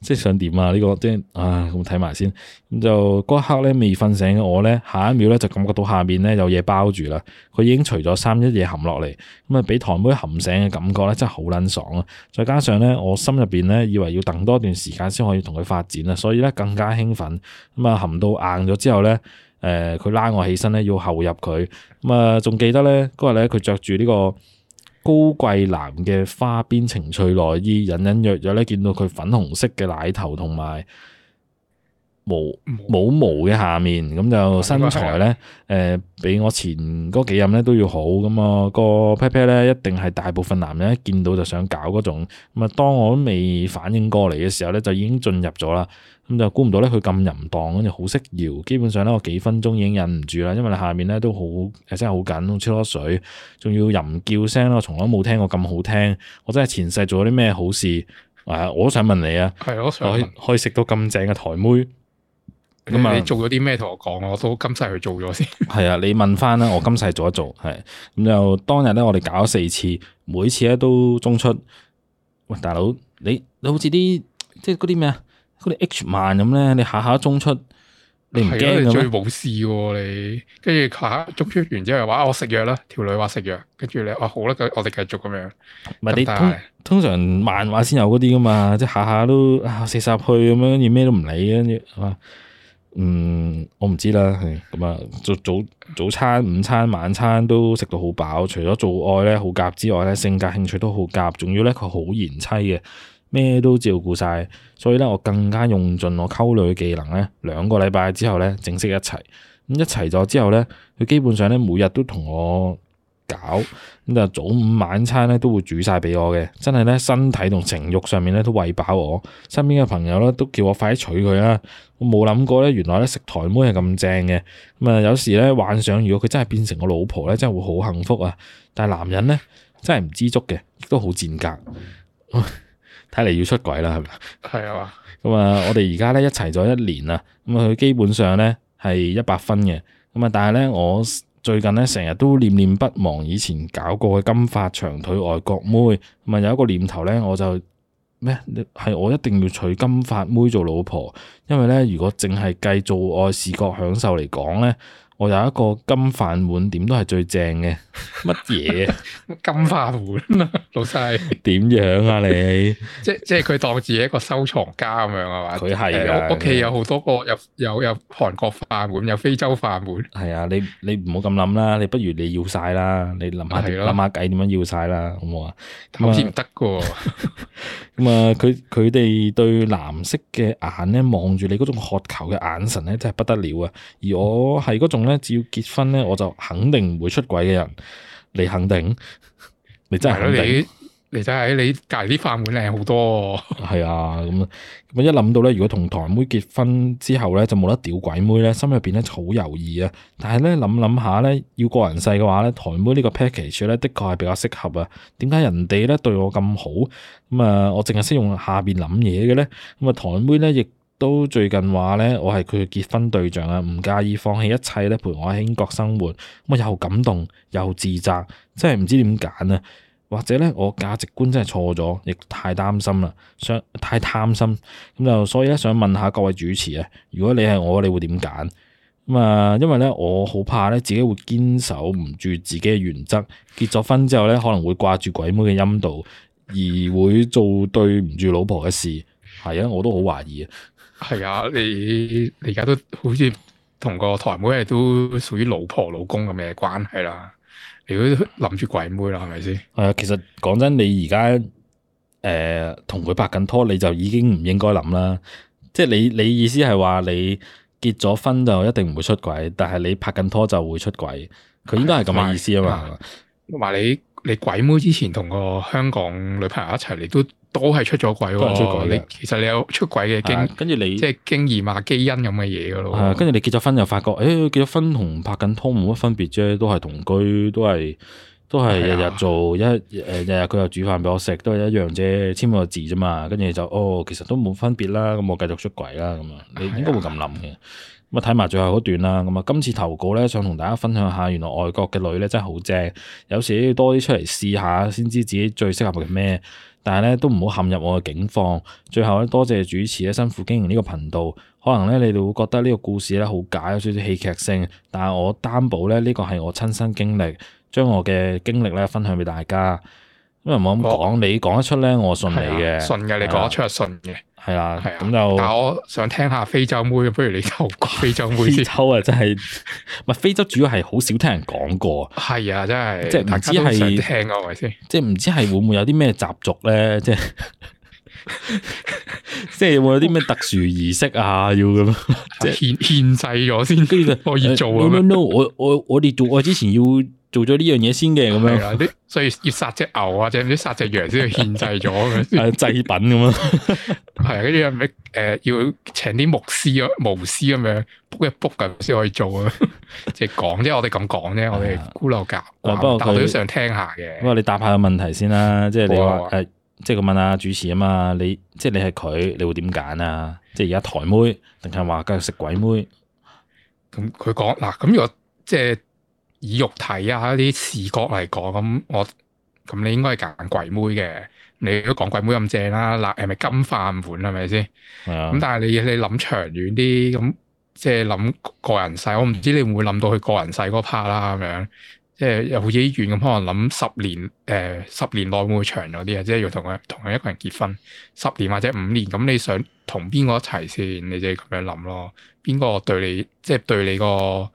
A: 即係想點啊？呢、這個啲啊，咁睇埋先。咁就嗰一刻咧，未瞓醒嘅我咧，下一秒咧就感覺到下面咧有嘢包住啦。佢已經除咗衫，一嘢含落嚟。咁啊，俾堂妹含醒嘅感覺咧，真係好撚爽啊！再加上咧，我心入邊咧以為要等多一段時間先可以同佢發展啦，所以咧更加興奮。咁啊，含到硬咗之後咧，誒、呃，佢拉我起身咧，要後入佢。咁、嗯、啊，仲記得咧嗰日咧，佢着住呢、這個。高貴男嘅花邊情趣內衣，隱隱約約咧見到佢粉紅色嘅奶頭同埋毛冇毛嘅下面，咁就身材咧，誒、呃，比我前嗰幾任咧都要好，咁、那、啊個 pat pat 咧一定係大部分男人一見到就想搞嗰種，咁啊，當我未反應過嚟嘅時候咧，就已經進入咗啦。咁就估唔到咧，佢咁淫蕩，跟住好識搖，基本上咧我幾分鐘已經忍唔住啦，因為你下面咧都好誒，真係好緊，超多水，仲要淫叫聲咯，我從來冇聽過咁好聽，我真係前世做咗啲咩好事？誒、啊，我都想問你啊，係，我想我可以食到咁正嘅台妹，咁啊，你
B: 做咗啲咩同我講我都今世去做
A: 咗先、嗯。係 <laughs> 啊，你問翻啦，我今世做一做，係咁就當日咧，我哋搞咗四次，每次咧都中出。喂，大佬，你你好似啲即係嗰啲咩啊？啲 H 萬咁咧，你下下中出，你唔驚咁？你最冇事喎你，
B: 跟住下下中出完之後話我食藥啦，條女話食藥，跟住你話好啦，我哋繼續咁樣。唔係
A: 通常漫畫先有嗰啲噶嘛，即係下下都食晒去咁樣，跟住咩都唔理跟住，嘛？嗯，我唔知啦，係咁啊，早早早餐、午餐、晚餐都食到好飽，除咗做愛咧好夾之外咧，性格興趣都好夾，仲要咧佢好賢妻嘅。咩都照顧晒，所以咧我更加用盡我溝女嘅技能咧，兩個禮拜之後咧正式一齊，咁一齊咗之後咧，佢基本上咧每日都同我搞，咁就早午晚餐咧都會煮晒俾我嘅，真係咧身體同情欲上面咧都喂飽我。身邊嘅朋友咧都叫我快啲娶佢啦，我冇諗過咧原來咧食台妹係咁正嘅，咁啊有時咧幻想如果佢真係變成我老婆咧，真係會好幸福啊！但係男人咧真係唔知足嘅，亦都好賤格。 <laughs> 睇嚟要出軌啦，係咪？係啊，咁啊，我哋而家咧一齊咗一年啦，咁啊，佢基本上咧係一百分嘅。咁啊，但係咧我最近咧成日都念念不忘以前搞過嘅金髮長腿外國妹，咁啊，有一個念頭咧我就咩？係我一定要娶金髮妹做老婆，因為咧如果淨係計做愛視覺享受嚟講咧。我有一個金飯碗，點都係最正嘅。
B: 乜嘢？ <laughs> 金飯
A: 碗，老細點樣啊？你 <laughs>
B: 即係即係佢當自己一個收藏家咁 <laughs> 樣啊？嘛，佢係啊，屋企有好多個有，有有有韓國飯碗，有非洲飯碗。
A: 係啊，你你唔好咁諗啦，你不如你要晒啦，你諗下諗、啊、下計點樣要晒啦，好唔好啊？好似唔得嘅。咁啊，佢佢哋對藍色嘅眼咧，望住你嗰種渴求嘅眼神咧，真係不得了啊！而我係嗰種。 <laughs> 咧只要結婚咧，我就肯定唔會出軌嘅人，你肯定， <laughs> 你真係肯定、啊、你真係你隔籬啲飯碗靚好多，哦。係 <laughs> 啊，咁、嗯、咁一諗到咧，如果同台妹結婚之後咧，就冇得屌鬼妹咧，心入邊咧就好猶豫啊。但係咧諗諗下咧，要過人世嘅話咧，台妹呢個 package 咧的確係比較適合啊。點解人哋咧對我咁好咁啊？我淨係識用下邊諗嘢嘅咧，咁啊台妹咧亦。都最近話咧，我係佢嘅結婚對象啊，唔介意放棄一切咧，陪我喺英國生活。咁我又感動又自責，真係唔知點揀啦。或者咧，我價值觀真係錯咗，亦太擔心啦，想太貪心。咁就所以咧，想問下各位主持啊，如果你係我，你會點揀？咁啊，因為咧，我好怕咧，自己會堅守唔住自己嘅原則。結咗婚之後咧，可能會掛住鬼妹嘅陰道，而會做對唔住老婆嘅事。係啊，我都好懷疑啊。
B: 係啊，你你而家都好似同個台妹都屬於老婆老公咁嘅關係啦。如果諗住鬼妹啦，係咪先？係啊，其實
A: 講真，你而家誒同佢拍緊拖，你就已經唔應該諗啦。即係你你意思係話，你結咗婚就一定唔會出軌，但係你拍緊拖就會出軌。佢應該係咁嘅意思啊嘛。同埋你你鬼妹之前
B: 同個香港女朋友一齊，你都。都係出咗軌喎，出軌你其實你有出軌嘅經，啊、跟住你即係經驗嘛基因咁嘅嘢噶咯跟
A: 住你結咗婚又發覺，誒、哎、結咗婚同拍緊拖冇乜分別啫，都係同居，都係都係日日做一誒日日佢又煮飯俾我食，都係、啊一，呃、一樣啫，簽個字啫嘛。跟住就哦，其實都冇分別啦，咁我繼續出軌啦咁啊，你應該會咁諗嘅。咁啊睇埋最後嗰段啦，咁啊今次投稿咧，想同大家分享下，原來外國嘅女咧真係好正，有時要多啲出嚟試下，先知自己最適合係咩。但係咧都唔好陷入我嘅境況。最後咧，多謝主持咧，辛苦經營呢個頻道。可能咧，你哋會覺得呢個故事咧好假，有少少戲劇性。但係我擔保咧，呢個係我親身經歷，將我嘅經歷咧分享俾大家。因為冇咁講，你講得出咧，我信你嘅。信嘅，你講得出係信嘅。係啊，係咁
B: 就。但係我想聽下非洲妹，不如你就講非洲妹先。非洲啊，真係，唔
A: 非洲主要係好少聽人講過。係啊，真係，即係唔知係聽啊，咪先？即係唔知係會唔會有啲咩習俗咧？ <laughs> <laughs> 即係，即係會有啲咩特殊儀式啊？要咁，即係限限製咗先。跟住我要做。咁樣都，我我我哋做，我之前要。做咗呢樣嘢先嘅咁樣，所以
B: 要殺隻牛殺隻啊，或者殺隻羊先去獻祭咗，係祭品咁咯。係啊，跟住咪誒，要請啲牧師啊，巫師咁樣卜一卜咁先可以做啊。即係講，即係我哋咁講啫，我哋孤陋寡聞，但都想聽下嘅。
A: 不過你答下個問題先啦，即係你話誒，即係佢問下主持啊嘛，你，你即係你係佢，你會點揀 <laughs> 啊？即係而家台妹定係話梗係食鬼妹？咁佢講嗱，咁如果
B: 即係。以肉體啊，一啲視覺嚟講，咁我咁你應該係揀鬼妹嘅。你都講鬼妹咁正啦，嗱係咪金飯碗啊？係咪先？係啊。
A: 咁但
B: 係你你諗長遠啲，咁即係諗個人世。我唔知你會唔會諗到佢個人世嗰 part 啦，咁樣即係又好似啲遠咁，可能諗十年誒、呃，十年內會唔會長咗啲啊？即係要同佢同佢一個人結婚十年或者五年，咁你想同邊個一齊先？你就咁樣諗咯。邊個對你即係、就是、對你個？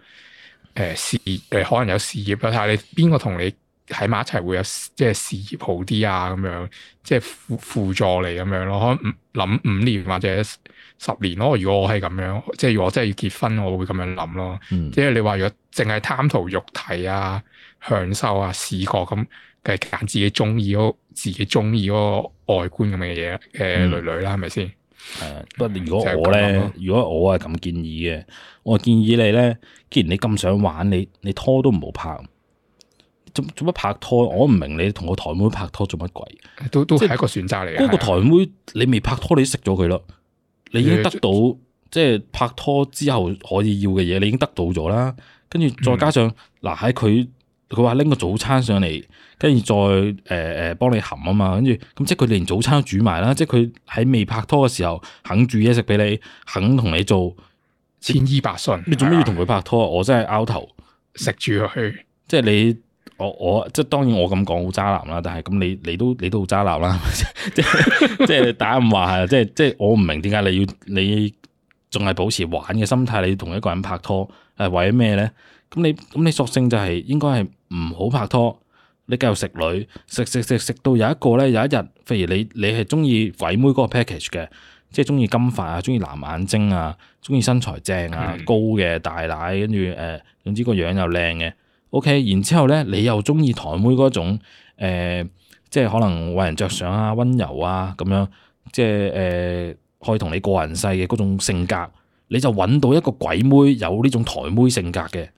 B: 誒、呃、事誒可能有事業啦，睇下你邊個同你喺埋一齊會有即係、就是、事業好啲啊？咁樣即係輔輔助你咁樣咯，可能五諗五年或者十年咯。如果我係咁樣，即、就、係、是、如果真係要結婚，我會咁樣諗咯。即係你話如果淨係貪圖肉體啊、享受啊、視覺咁，梗係揀自己中意嗰、自己中意嗰個外觀咁嘅嘢嘅女女啦，係咪先？類類是係，不過、嗯、如果我咧，
A: 啊、如果我係咁建議嘅，我建議你咧，既然你咁想玩，你你拖都唔好拍，做做乜拍拖？我唔明你同個台妹拍拖做乜鬼？都都係一個選擇嚟。嗰即、嗯、個台妹你未拍拖，你食咗佢咯，
B: 你已經得
A: 到、嗯、即係拍拖之後可以要嘅嘢，你已經得到咗啦。跟住再加上嗱喺佢。佢話拎個早餐上嚟，跟住再誒誒幫你含啊嘛，跟住咁即係佢連早餐都煮埋啦，即係佢喺未拍拖嘅時候肯煮嘢食俾你，肯同你做千依百順。你做咩要同佢拍拖啊？啊我真係拗頭食住落去。即係你我我即係當然我咁講好渣男啦，但係咁你你都你都好渣男啦， <laughs> <laughs> 即係即係大家唔話係，即係即係我唔明點解你，你要你仲係保持玩嘅心態，你同一個人拍拖係為咗咩咧？咁你咁你索性就係應該係唔好拍拖，你繼續食女食食食食到有一個咧有一日，譬如你你係中意鬼妹嗰個 package 嘅，即係中意金髮啊，中意藍眼睛啊，中意身材正啊高嘅大奶，跟住誒總之個樣又靚嘅，OK，然之後咧你又中意台妹嗰種、呃、即係可能為人着想啊、温柔啊咁樣，即係誒、呃、可以同你個人世嘅嗰種性格，你就揾到一個鬼妹有呢種台妹性格嘅。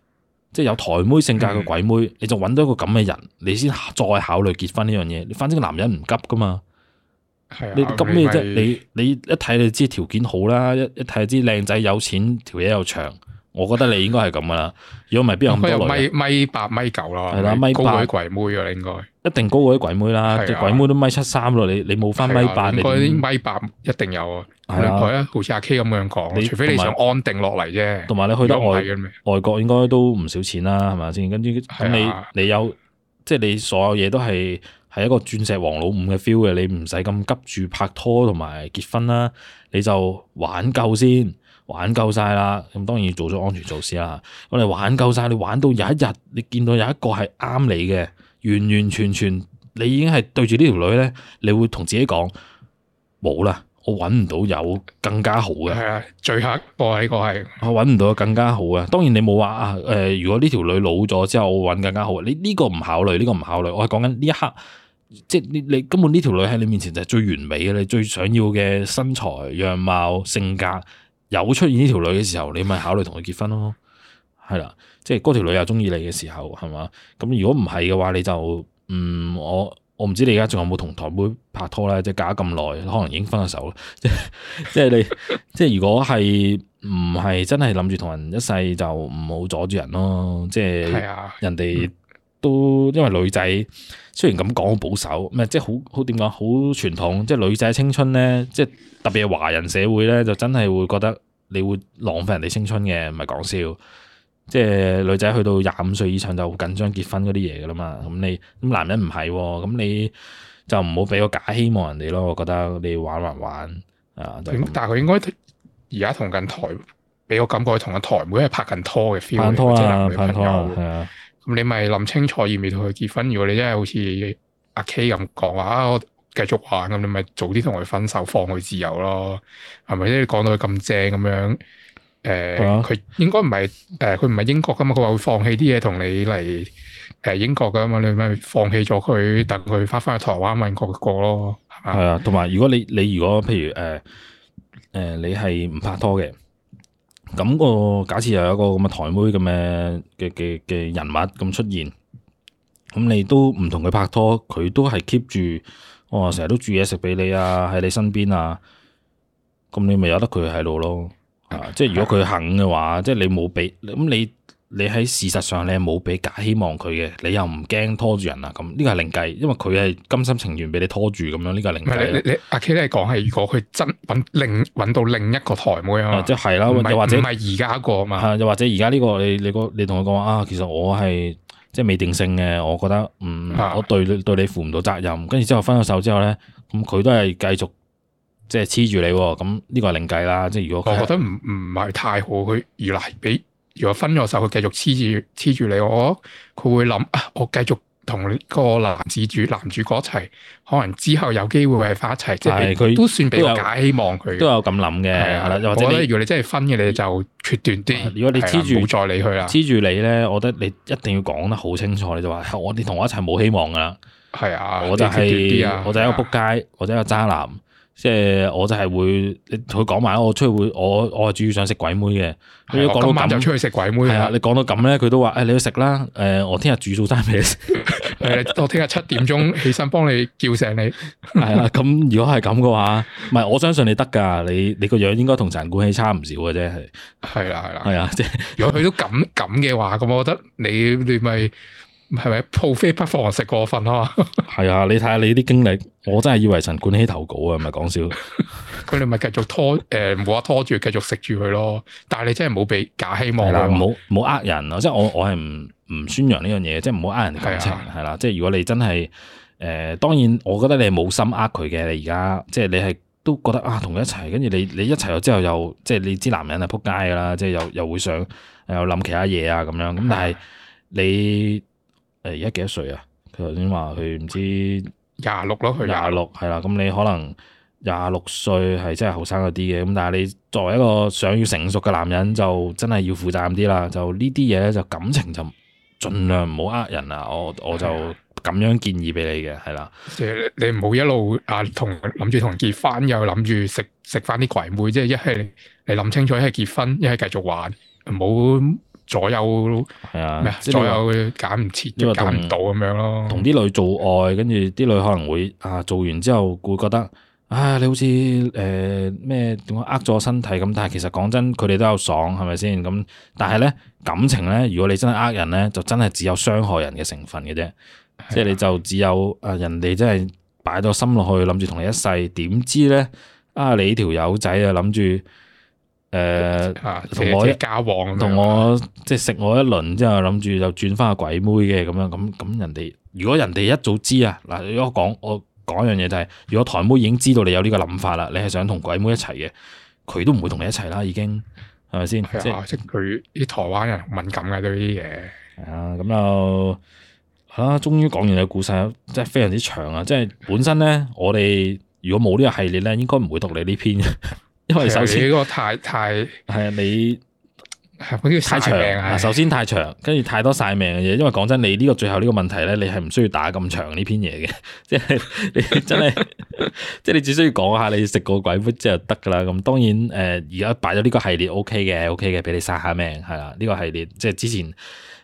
A: 即係有台妹性格嘅鬼妹，嗯、你就揾到一個咁嘅人，你先再考慮結婚呢樣嘢。反正個男人唔急噶嘛，
B: 的你急咩啫？你
A: 你一睇你知條件好啦，一一睇就知靚仔有錢條嘢又長。我覺得你應該係咁噶啦，如果唔係邊有咁多女？米米
B: 八米九咯，係啦，米高過啲鬼
A: 妹啊，應該一定高過啲鬼妹啦，即係鬼妹都米七三咯，你你冇翻米八，嗰啲米
B: 八一定有啊。係啊，好似阿 K 咁樣講，除非你想安定落嚟啫。同埋你去得外
A: 外國應該都唔少錢啦，係咪先？跟住咁你你有即係你所有嘢都係係一個鑽石王老五嘅 feel 嘅，你唔使咁急住拍拖同埋結婚啦，你就玩夠先。玩夠晒啦，咁當然要做咗安全措施啦。我哋玩夠晒，你玩到有一日，你見到有一個係啱你嘅，完完全全你已經係對住呢條女呢，你會同自己講冇啦，我揾唔到有更加好嘅。係啊，最後一個係個係，我揾唔到有更加好嘅。當然你冇話啊，誒、呃，如果呢條女老咗之後，我揾更加好啊。你呢個唔考慮，呢、呢個唔考慮。我係講緊呢一刻，即係你你根本呢條女喺你面前就係最完美嘅，你最想要嘅身材、樣貌、性格。有出現呢條女嘅時候，你咪考慮同佢結婚咯，係啦，即係嗰條女又中意你嘅時候，係嘛？咁如果唔係嘅話，你就嗯，我我唔知你而家仲有冇同台妹拍拖喇，即係隔咗咁耐，可能已經分咗手。 <laughs> 即即係你，即係如果係唔係真係諗住同人一世，就唔好阻住人咯。即係人哋都的、嗯、因為女仔。雖然咁講保守，唔係即係好好點講好傳統，即係女仔青春咧，即係特別係華人社會咧，就真係會覺得你會浪費人哋青春嘅，唔係講笑。即係女仔去到廿五歲以上就緊張結婚嗰啲嘢噶啦嘛，咁你咁男人唔係喎，咁你就唔好俾個假希望人哋咯。我覺得你玩玩玩啊？就是、但係佢應該
B: 而家同緊台俾我感覺同緊台妹，係拍緊拖嘅 feel。拍拖啊！拍拖係啊。咁你咪諗清楚，要唔要同佢結婚？如果你真係好似阿 K 咁講話啊，我繼續玩咁，你咪早啲同佢分手，放佢自由咯，係咪？即係講到佢咁正咁樣，誒、呃，佢、啊、應該唔係誒，佢唔係英國噶嘛，佢話會放棄啲嘢同你嚟誒、呃、英國噶嘛，你咪放棄咗佢，等佢翻返去
A: 台灣周遊列國咯，係嘛？啊，同埋如果你你如果譬如誒誒、呃呃，你係唔拍拖嘅。咁個、那個、假設又有一個咁嘅台妹咁嘅嘅嘅嘅人物咁出現，咁你都唔同佢拍拖，佢都係 keep 住，我成日都煮嘢食俾你啊，喺你身邊啊，咁你咪由得佢喺度咯，啊！即係如果佢肯嘅話，即係你冇俾，咁你。你喺事實上你係冇俾假希望佢嘅，你又唔驚拖住人啊？咁呢個係另計，因為佢係甘心情願俾你拖住咁樣這靈，呢個係另計。你，你阿 K 你係講係如果佢真揾另揾到另一個台妹啊？即係啦，是或者唔係而家個啊？又或者而家呢個你你哥你同佢講話啊？其實我係即係未定性嘅，我覺得嗯的我對對你負唔到責任。跟住之後分咗手之後咧，咁、嗯、佢都係繼續即係黐住你，咁呢個係另計啦。即、就、係、是、如果我覺得唔唔係太好，佢而嚟俾。如果分咗手佢繼續黐住
B: 黐住你，我佢會諗，啊，我繼續同個男子主主男主角一齊，可能之後有機會係翻一齊，嗯、即係佢都算俾解希望佢都有
A: 咁諗嘅。啊、或者我覺得如果你真係分嘅，你就
B: 決斷啲，如果你黐住冇再理佢啦。黐
A: 住你咧，我覺得你一定要講得好清楚，你就話你同我一齊冇希望噶啦。係啊，我就係我就係一個撲街，我真係一個渣男。即係我就係會，你同佢講埋啦。我出去會，我我係主要想食鬼妹嘅的。你講到咁，係啊、哎，你講到咁咧，佢都話，誒，你去食啦。誒，我聽日煮早餐俾你食。誒， <laughs> <laughs> 我聽日七點鐘起身幫你叫醒你。係 <laughs> 啊，咁如果係咁嘅話，唔係我相信你得㗎。你你個樣應該同陳冠希差唔少嘅啫。係係啦係啦。係啊，即係如果佢都咁咁嘅話，咁我覺得
B: 你你咪。你係咪鋪飛不防食過份啊？嘛
A: 係啊！你睇下你啲經歷，我真係以為陳冠希投稿啊，唔係講笑。
B: 佢哋咪繼續拖誒，冇、
A: 呃、話拖住，繼續食住佢咯。但係你真係冇俾假希望，啊，冇冇呃人咯。即係 <laughs> 我我係唔唔宣揚呢、就是、樣嘢，即係唔好呃人嘅感情係啦。即係如果你真係誒、呃，當然我覺得你冇心呃佢嘅。你而家即係你係都覺得啊，同、呃、佢一齊，跟住你你一齊咗之後又即係，你知男人係撲街噶啦，即、就、係、是、又又會想又諗其他嘢啊咁樣。咁但係你。 <laughs> <laughs> 誒而家幾多歲啊？佢頭先話佢唔知廿六咯，佢廿六係啦。咁你可能廿六歲係真係後生嗰啲嘅。咁但係你作為一個想要成熟嘅男人，就真係要負責任啲啦。就呢啲嘢咧，就感情就盡量唔好呃人啦。我我就咁樣建議俾你嘅，係啦。
B: 即係你唔好一路啊，同諗住同人結婚，又諗住食食翻啲鬼妹，即係一係你諗清楚，一係結婚，一係繼續玩，
A: 唔好。左右都係啊，左右
B: 揀唔切，因為揀唔到
A: 咁樣咯。同啲女做愛，跟住啲女可能會啊做完之後會覺得，唉你好似誒咩點講呃咗身體咁，但係其實講真，佢哋都有爽係咪先？咁但係咧感情咧，如果你真係呃人咧，就真係只有傷害人嘅成分嘅啫，即係的你就只有啊人哋真係擺咗心落去，諗住同你一世，點知咧啊你條友仔啊諗住。誒，同、 <music> 呃、我啲交往，同、啊、我即係食我一輪之後，諗住就轉翻個鬼妹嘅咁樣，咁咁人哋如果人哋一早知啊，嗱如果講我講樣嘢就係、是，如果台妹已經知道你有呢個諗法啦，你係想同鬼妹一齊嘅，佢都唔會同你一齊啦，已經係咪先？即係即係佢啲台灣人敏感嘅嗰啲嘢。係啊，咁就好啦，終於講完個故事，真係、嗯、非常之長啊！即係本身咧，我哋如果冇呢個系列咧，應該唔會讀你呢篇。 <laughs> 因為首先呢個太太係啊，你係嗰啲晒命啊。首先太長，跟住太多晒命嘅嘢。因為講真，你呢個最後呢個問題咧，你係唔需要打咁長呢篇嘢嘅，即 <laughs> 係你真係的， <laughs> 即係你只需要講下你食過鬼火之後得噶啦。咁當然誒，而家擺咗呢個系列，O K 嘅，O K 嘅，俾、OK OK、你晒下命係啦。呢、這個系列即係之前。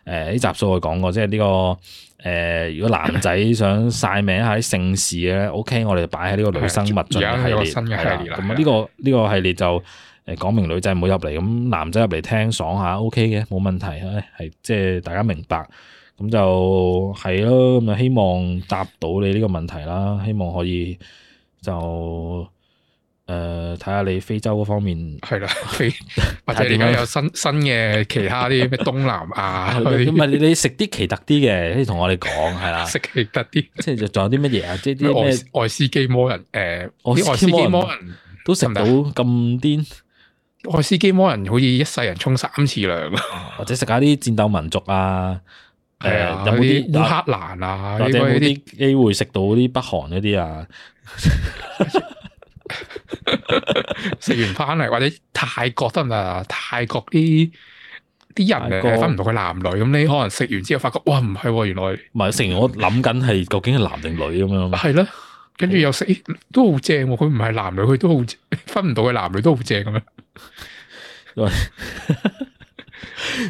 A: 誒啲、呃、集數我講過，即係呢、這個誒、呃，如果男仔想晒命一下啲性事嘅 OK 我哋就擺喺呢個女生勿進嘅系列。而家係個新嘅系列啦。咁啊，呢、啊這個呢、這個系列就誒講、呃、明女仔唔好入嚟，咁男仔入嚟聽爽下 OK 嘅，冇問題。係、哎、即係大家明白，咁就係咯。咁啊，希望答到你呢個問題啦，希望可以就。誒，睇下你非洲嗰方面係啦，或者點解有
B: 新新嘅其他啲咩東南亞嗰啲？唔係你
A: 食啲奇特啲嘅，可以同我哋講係啦。食奇特啲，即係仲有啲乜嘢啊？即係啲咩愛斯基摩人。誒，愛斯基摩人都食到咁癲？愛斯基摩人好似一世人沖三次涼，或者食下啲戰鬥民族啊？誒，有冇啲烏克蘭啊？或者有冇啲機會食到啲北韓嗰啲啊？食 <laughs> 完翻嚟，或
B: 者泰國得唔得？泰國啲啲人分唔到佢男女，咁你可能食完之後發覺，哇，唔係喎，原來唔係，成日我諗緊係究竟係男定女咁樣。係咯、嗯，跟住、嗯、又食都好正喎，佢唔係男女，佢都好分唔到佢男女都，都好正咁樣。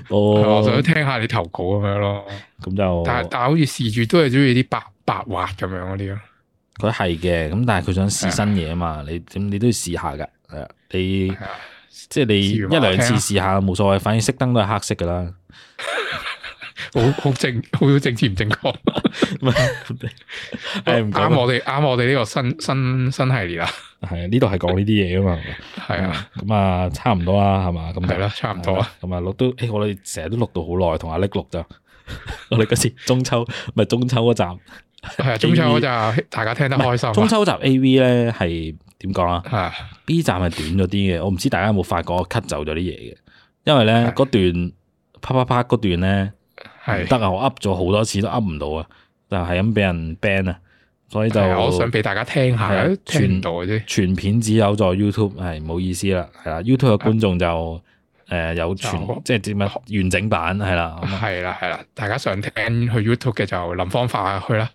B: 哦、 <laughs> 我想聽，聽下你投
A: 稿咁樣咯，咁就但但係好似事主都係中
B: 意啲白白滑咁樣嗰啲咯。
A: 佢係嘅，咁但係佢想試新嘢啊嘛，的你點你都要試下噶，誒，你的即係你一,一兩次試下冇所謂，反正熄燈都係黑色噶啦，好好 <laughs> 正，好政治唔正確，唔 <laughs> 啱、 <laughs> <laughs> <laughs> 哎、我哋
B: 啱我哋呢個新新新系列啦，
A: 係啊，呢度係講呢啲嘢啊嘛，係啊，咁啊差唔多啦，係嘛，咁係咯，差唔多，咁啊錄到，誒、 <laughs> 哎、我哋成日都錄到好耐，同阿叻錄咋， <laughs> <laughs> 我哋嗰時中秋咪中秋嗰站。係啊，中秋我就大
B: 家聽得開心。中秋集 A
A: V 咧係點講啊？係 B 站係短咗啲嘅，我唔知大家有冇發覺我 cut 走咗啲嘢嘅，因為咧嗰段啪啪啪嗰段咧係得啊，我 up 咗好多次都 up 唔到啊，但係咁俾人 ban 啊，所以就我想俾大家聽下，傳到啲全片只有在 YouTube 係唔好意思啦，係啦 YouTube 嘅觀眾就誒有全即係點啊完整版係啦，係
B: 啦係啦，大家想聽去 YouTube 嘅就諗方法去啦。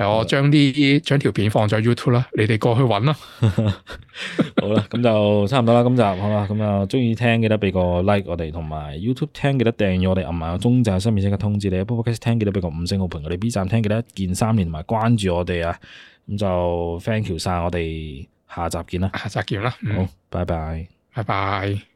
B: 係我將啲
A: 將條片放咗 YouTube 啦，你哋過去揾啦。好啦，咁就差唔多啦，今集好啦，咁啊中意聽記得畀個 like，我哋同埋 YouTube 聽記得訂閱我哋，同埋我中獎新面先嘅通知你。Podcast 聽記得畀個五星好評，我哋 B 站聽記得一鍵三連同埋關注我哋啊。咁就 thank you 晒，我哋下集見啦，下集見啦，嗯、好，bye bye 拜拜，拜拜。